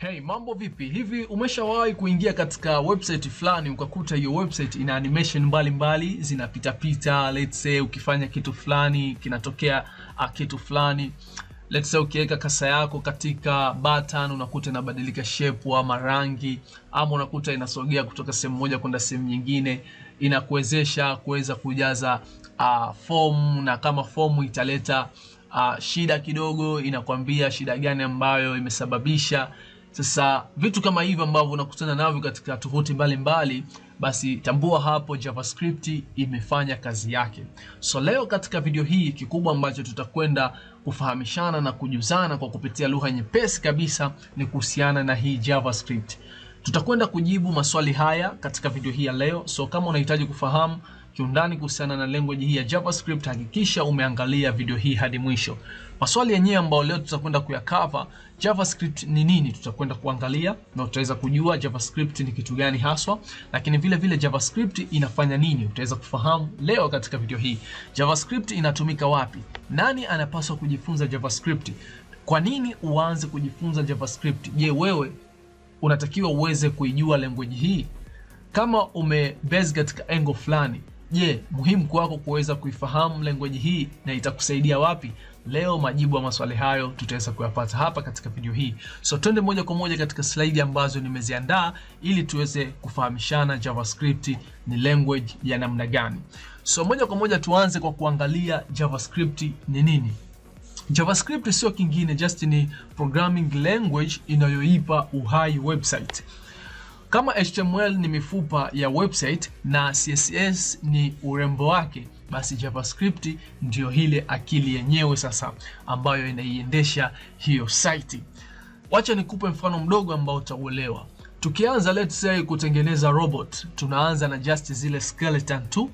Hey, mambo vipi? Hivi umeshawahi kuingia katika website fulani ukakuta hiyo website ina animation mbalimbali zinapitapita, let's say ukifanya kitu fulani kinatokea a ah, kitu fulani. Let's say ukiweka kasa yako katika button unakuta inabadilika shape ama rangi ama unakuta inasogea kutoka sehemu moja kwenda sehemu nyingine, inakuwezesha kuweza kujaza uh, form na kama form italeta uh, shida kidogo, inakwambia shida gani ambayo imesababisha sasa vitu kama hivyo ambavyo unakutana navyo katika tovuti mbalimbali, basi tambua hapo JavaScript imefanya kazi yake. So leo katika video hii, kikubwa ambacho tutakwenda kufahamishana na kujuzana kwa kupitia lugha nyepesi kabisa ni kuhusiana na hii JavaScript. Tutakwenda kujibu maswali haya katika video hii ya leo. So kama unahitaji kufahamu kiundani kuhusiana na language hii ya JavaScript, hakikisha umeangalia video hii hadi mwisho. Maswali yenyewe ambayo leo tutakwenda kuyakava, JavaScript ni nini, tutakwenda kuangalia na utaweza kujua JavaScript ni kitu gani haswa, lakini vile vile JavaScript inafanya nini, utaweza kufahamu leo katika video hii. JavaScript inatumika wapi? Nani anapaswa kujifunza JavaScript? Kwa nini uanze kujifunza JavaScript? Je, wewe unatakiwa uweze kuijua language hii? Kama umebase katika angle fulani, je, muhimu kwako kuweza kuifahamu language hii na itakusaidia wapi? Leo majibu ya maswali hayo tutaweza kuyapata hapa katika video hii. So twende moja kwa moja katika slide ambazo nimeziandaa ili tuweze kufahamishana JavaScript ni language ya namna gani. So moja kwa moja tuanze kwa kuangalia JavaScript ni nini. JavaScript sio kingine, just ni programming language inayoipa uhai website. Kama HTML ni mifupa ya website na CSS ni urembo wake, basi JavaScript ndiyo ile akili yenyewe sasa ambayo inaiendesha hiyo site. Wacha nikupe mfano mdogo ambao utauelewa. Tukianza let's say kutengeneza robot, tunaanza na just zile skeleton tu.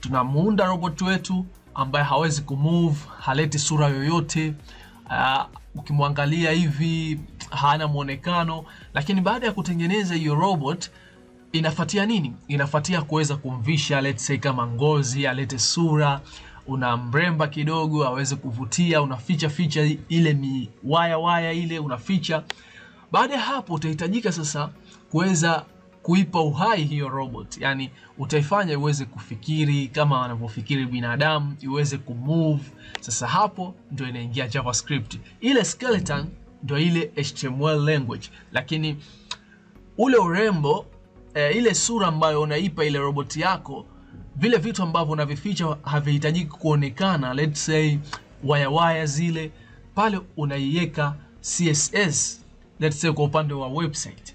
Tunamuunda robot wetu ambaye hawezi kumove, haleti sura yoyote. Uh, ukimwangalia hivi hana mwonekano, lakini baada ya kutengeneza hiyo robot inafuatia nini? Inafuatia kuweza kumvisha let's say kama ngozi, alete sura, una mremba kidogo aweze kuvutia, unaficha ficha ile mi waya waya ile unaficha. Baada ya hapo utahitajika sasa kuweza kuipa uhai hiyo robot, yani utaifanya iweze kufikiri kama wanavyofikiri binadamu, iweze kumove. Sasa hapo ndio inaingia JavaScript ile skeleton ndo ile HTML language, lakini ule urembo e, ile sura ambayo unaipa ile roboti yako, vile vitu ambavyo unavificha havihitajiki kuonekana, let's say waya waya zile pale, unaiweka CSS let's say kwa upande wa website.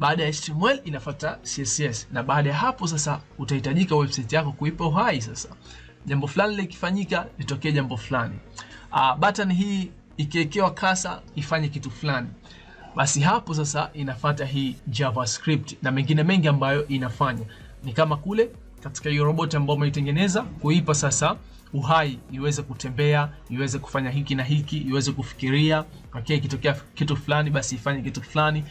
Baada ya HTML inafuata CSS, na baada ya hapo sasa utahitajika website yako kuipa uhai sasa, jambo fulani likifanyika litokee jambo fulani. Uh, button hii ikiwekewa kasa ifanye kitu fulani, basi hapo sasa inafata hii JavaScript na mengine mengi ambayo inafanya. Ni kama kule katika hiyo roboti ambayo umeitengeneza, kuipa sasa uhai iweze kutembea, iweze kufanya hiki na hiki, iweze kufikiria. Okay, ikitokea kitu fulani, basi ifanye kitu fulani,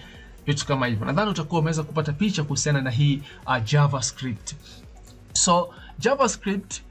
vitu kama hivyo. Nadhani utakuwa umeweza kupata picha kuhusiana na hii uh, JavaScript. So JavaScript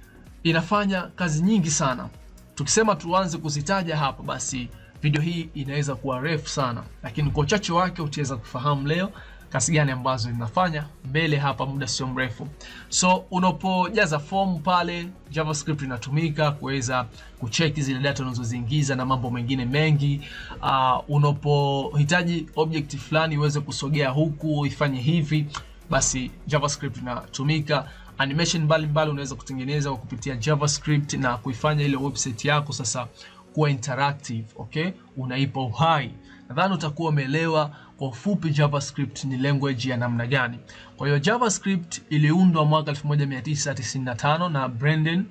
inafanya kazi nyingi sana. Tukisema tuanze kuzitaja hapa, basi video hii inaweza kuwa refu sana, lakini kwa uchache wake utaweza kufahamu leo kasi gani ambazo inafanya mbele hapa muda sio mrefu. So unapojaza form pale, JavaScript inatumika kuweza kucheki zile data unazoziingiza na mambo mengine mengi. Uh, unapohitaji object fulani iweze kusogea huku ifanye hivi, basi JavaScript inatumika animation mbalimbali unaweza kutengeneza kwa kupitia JavaScript na kuifanya ile website yako sasa kuwa interactive, okay? Unaipa uhai. Nadhani utakuwa umeelewa kwa ufupi JavaScript ni language ya namna gani. Kwa hiyo JavaScript iliundwa mwaka 1995 na Brendan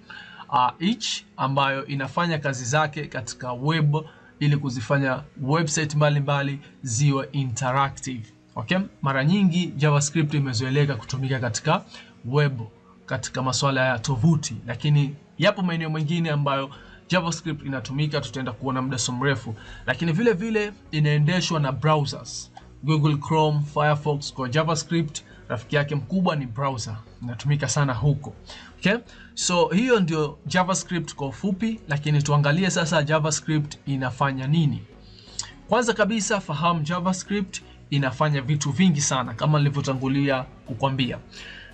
uh, ambayo inafanya kazi zake katika web ili kuzifanya website mbalimbali ziwe interactive. Okay? Mara nyingi JavaScript imezoeleka kutumika katika web katika masuala ya tovuti, lakini yapo maeneo mengine ambayo JavaScript inatumika, tutaenda kuona muda so mrefu, lakini vile vile inaendeshwa na browsers Google Chrome, Firefox kwa JavaScript rafiki yake mkubwa ni browser, inatumika sana huko. Okay? So hiyo ndio JavaScript kwa ufupi, lakini tuangalie sasa JavaScript inafanya nini. Kwanza kabisa fahamu JavaScript inafanya vitu vingi sana kama nilivyotangulia kukwambia,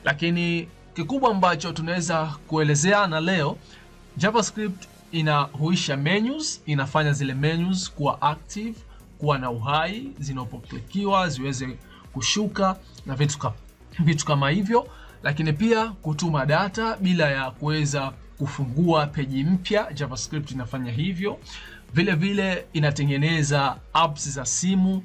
lakini kikubwa ambacho tunaweza kuelezeana leo, JavaScript inahuisha menus, inafanya zile menus kuwa active, kuwa na uhai, zinapoklikiwa ziweze kushuka na vitu kama vitu kama hivyo, lakini pia kutuma data bila ya kuweza kufungua peji mpya. JavaScript inafanya hivyo. Vile vile inatengeneza apps za simu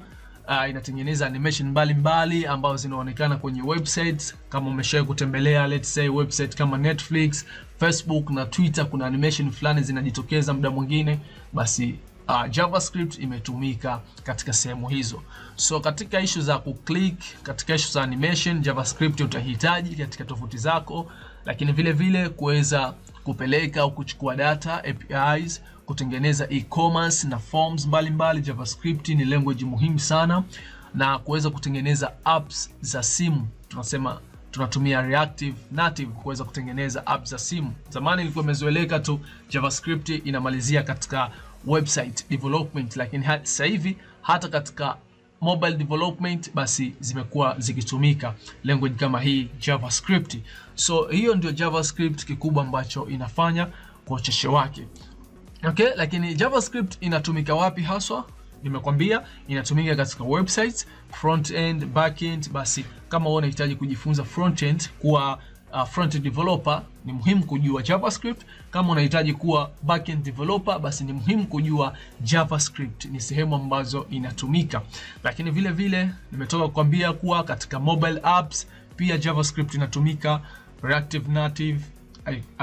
uh, inatengeneza animation mbalimbali ambazo zinaonekana kwenye websites. Kama umeshawahi kutembelea let's say website kama Netflix, Facebook na Twitter, kuna animation fulani zinajitokeza muda mwingine, basi Uh, JavaScript imetumika katika sehemu hizo. So katika ishu za kuclick, katika ishu za animation JavaScript utahitaji katika tovuti zako, lakini vile vile kuweza kupeleka au kuchukua data APIs kutengeneza e-commerce na forms mbalimbali mbali. JavaScript ni language muhimu sana na kuweza kutengeneza apps za simu, tunasema tunatumia reactive native kuweza kutengeneza apps za simu. Zamani ilikuwa imezoeleka tu JavaScript inamalizia katika website development, lakini sasa hivi hata katika mobile development basi zimekuwa zikitumika language kama hii JavaScript. So hiyo ndio JavaScript kikubwa ambacho inafanya kwa ucheche wake. Okay, lakini JavaScript inatumika wapi haswa? Nimekwambia inatumika katika websites, front end, back end. Basi kama wewe unahitaji kujifunza front end kuwa uh, front end developer, ni muhimu kujua JavaScript. Kama unahitaji kuwa back end developer, basi ni muhimu kujua JavaScript. Ni sehemu ambazo inatumika, lakini vile vile nimetoka kukwambia kuwa katika mobile apps pia JavaScript inatumika, Reactive Native,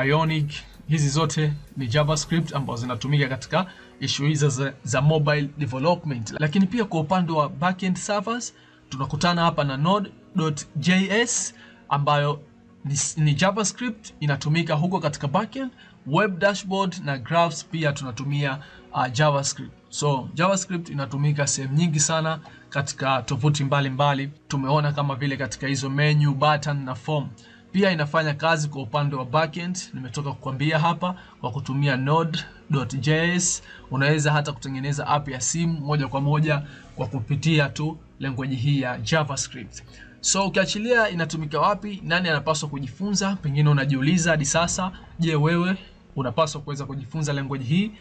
Ionic Hizi zote ni JavaScript ambazo zinatumika katika issue hizo za, za mobile development, lakini pia kwa upande wa backend servers tunakutana hapa na Node.js ambayo ni, ni JavaScript inatumika huko katika backend, web dashboard na graphs pia tunatumia uh, JavaScript. So JavaScript inatumika sehemu nyingi sana katika tovuti mbalimbali, tumeona kama vile katika hizo menu, button na form. Pia inafanya kazi kwa upande wa backend, nimetoka kukwambia hapa kwa kutumia node.js. Unaweza hata kutengeneza app ya simu moja kwa moja kwa kupitia tu language hii ya JavaScript. So ukiachilia inatumika wapi, nani anapaswa kujifunza? Pengine unajiuliza hadi sasa, je, wewe unapaswa kuweza kujifunza language hii?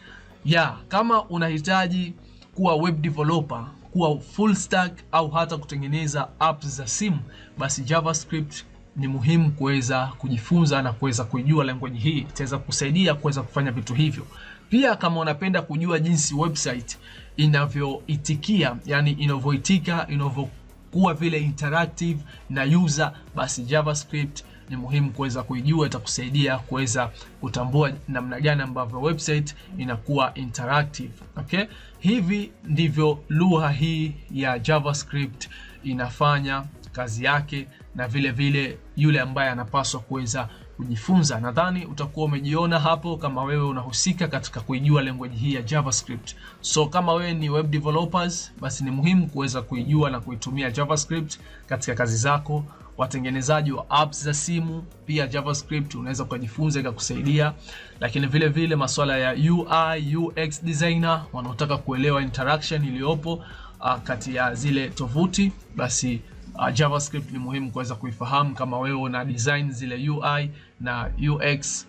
Yeah, kama unahitaji kuwa web developer, kuwa full stack au hata kutengeneza apps za simu, basi JavaScript ni muhimu kuweza kujifunza na kuweza kuijua language hii, itaweza kusaidia kuweza kufanya vitu hivyo. Pia kama unapenda kujua jinsi website inavyoitikia, yani inavyoitika, inavyokuwa vile interactive na user, basi JavaScript ni muhimu kuweza kuijua, itakusaidia kuweza kutambua namna gani ambavyo website inakuwa interactive. Okay, hivi ndivyo lugha hii ya JavaScript inafanya kazi yake na vile vile yule ambaye anapaswa kuweza kujifunza. Nadhani utakuwa umejiona hapo kama wewe unahusika katika kuijua language hii ya JavaScript. So kama wewe ni web developers, basi ni muhimu kuweza kuijua na kuitumia JavaScript katika kazi zako. Watengenezaji wa apps za simu pia JavaScript unaweza ukajifunza ikakusaidia, lakini vile vile masuala ya UI UX designer wanaotaka kuelewa interaction iliyopo ah, kati ya zile tovuti basi uh, JavaScript ni muhimu kuweza kuifahamu. Kama wewe una design zile UI na UX,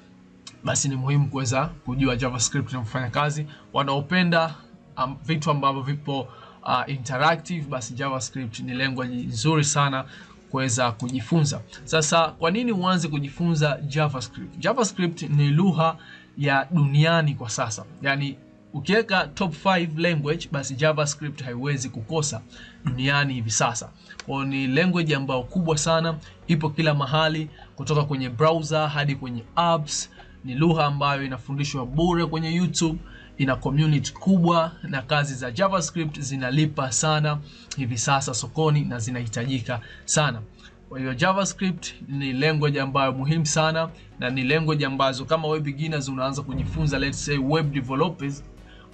basi ni muhimu kuweza kujua JavaScript inavyofanya kazi. Wanaopenda um, vitu ambavyo vipo uh, interactive, basi JavaScript ni language nzuri sana kuweza kujifunza. Sasa kwa nini uanze kujifunza JavaScript? JavaScript ni lugha ya duniani kwa sasa, yaani ukiweka top 5 language basi JavaScript haiwezi kukosa duniani hivi sasa. Kwa ni language ambayo kubwa sana, ipo kila mahali, kutoka kwenye browser hadi kwenye apps. Ni lugha ambayo inafundishwa bure kwenye YouTube, ina community kubwa, na kazi za JavaScript zinalipa sana hivi sasa sokoni na zinahitajika sana. Kwa hiyo JavaScript ni language ambayo muhimu sana na ni language ambazo kama web beginners unaanza kujifunza, let's say web developers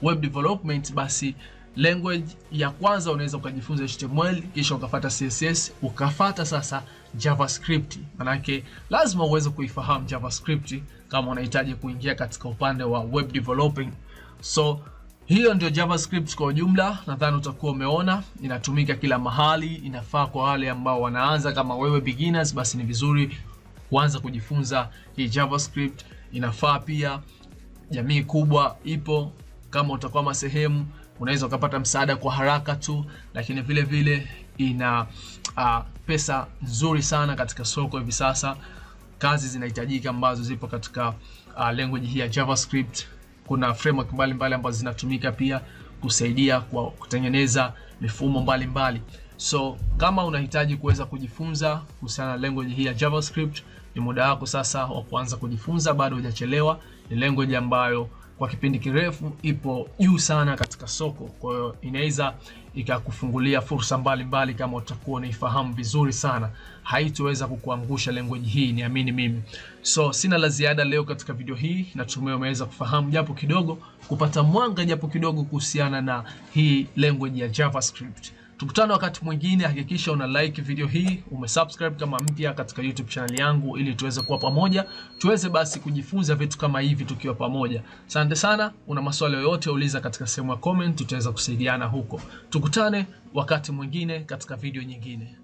web development, basi language ya kwanza unaweza ukajifunza HTML, kisha ukafata CSS, ukafata sasa JavaScript. Manake lazima uweze kuifahamu JavaScript kama unahitaji kuingia katika upande wa web developing. So hiyo ndio JavaScript kwa ujumla, nadhani utakuwa umeona inatumika kila mahali, inafaa kwa wale ambao wanaanza kama wewe beginners, basi ni vizuri kuanza kujifunza hii JavaScript. Inafaa pia jamii kubwa ipo kama utakwama sehemu unaweza ukapata msaada kwa haraka tu, lakini vile vile ina uh, pesa nzuri sana katika soko hivi sasa. Kazi zinahitajika ambazo zipo katika uh, language hii ya JavaScript. Kuna framework mbalimbali ambazo zinatumika pia kusaidia kwa kutengeneza mifumo mbalimbali mbali. So kama unahitaji kuweza kujifunza kuhusiana na language hii ya JavaScript, ni muda wako sasa wa kuanza kujifunza, bado hujachelewa. Ni language ambayo kwa kipindi kirefu ipo juu sana katika soko. Kwa hiyo inaweza ikakufungulia fursa mbalimbali kama utakuwa unaifahamu vizuri sana, haitoweza kukuangusha language hii, niamini mimi. So sina la ziada leo katika video hii, natumai umeweza kufahamu japo kidogo, kupata mwanga japo kidogo kuhusiana na hii language ya JavaScript. Tukutane wakati mwingine, hakikisha una like video hii, umesubscribe kama mpya katika YouTube channel yangu, ili tuweze kuwa pamoja, tuweze basi kujifunza vitu kama hivi tukiwa pamoja. Asante sana. Una maswali yoyote, uliza katika sehemu ya comment, tutaweza kusaidiana huko. Tukutane wakati mwingine katika video nyingine.